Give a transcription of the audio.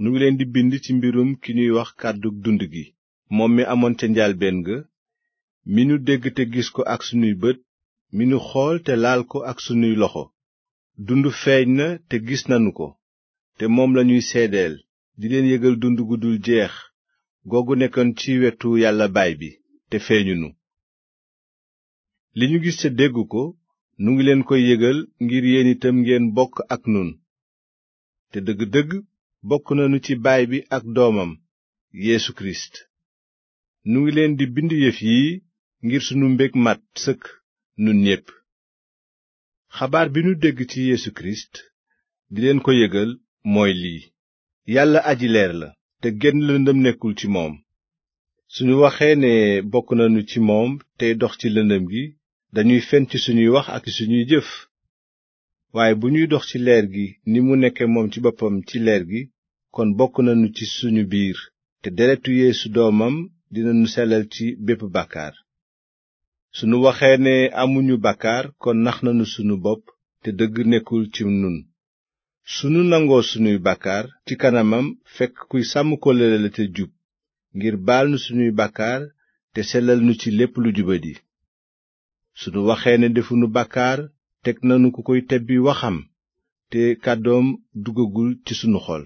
nu ngi leen di bind ci mbirum ki ñuy wax kàddu dund gi moom mi amoon ca njaalbeen ga mi nu dégg te gis ko ak sunuy bët mi nu xool te laal ko ak sunuy loxo dund feeñ na te gis nanu ko te moom lañuy seedeel di leen yëgal dund gu dul jeex googu nekkoon ci wetu yàlla baay bi te feeñunu li ñu gis te dégg ko nu ngi leen koy yëgal ngir yéen itam ngeen bokk ak nun te dëgg-dëgg bokk nañu ci baay bi ak doomam Yeesu Kirist nu ngi leen di bind yëf yi ngir sunu mbég mat sëkk nun ñépp xabaar bi nu dégg ci Yeesu Kirist di leen ko yëgal mooy lii yàlla aji leer la te genn lëndëm nekkul ci moom suñu waxee ne bokk nañu ci moom tey dox ci lëndëm gi dañuy fen ci suñuy wax ak suñuy jëf waaye bu ñuy dox ci leer gi ni mu nekke moom ci boppam ci leer gi kon bokk nañu ci suñu biir te deretu yeesu doomam dinañu selal ci bépp bàkkaar sunu waxee ne amuñu bàkkaar kon nax nañu suñu bopp te dëgg nekkul ci nun sunu nangoo suñuy bàkkaar ci kanamam fekk kuy sàmm kóllëre la te jub ngir baal nu sunuy bàkkaar te selal nu ci lépp lu jubadi sunu waxee ne defunu bàkkaar teg nanu ku koy tebbi waxam te kàddoom duggagul ci sunu xol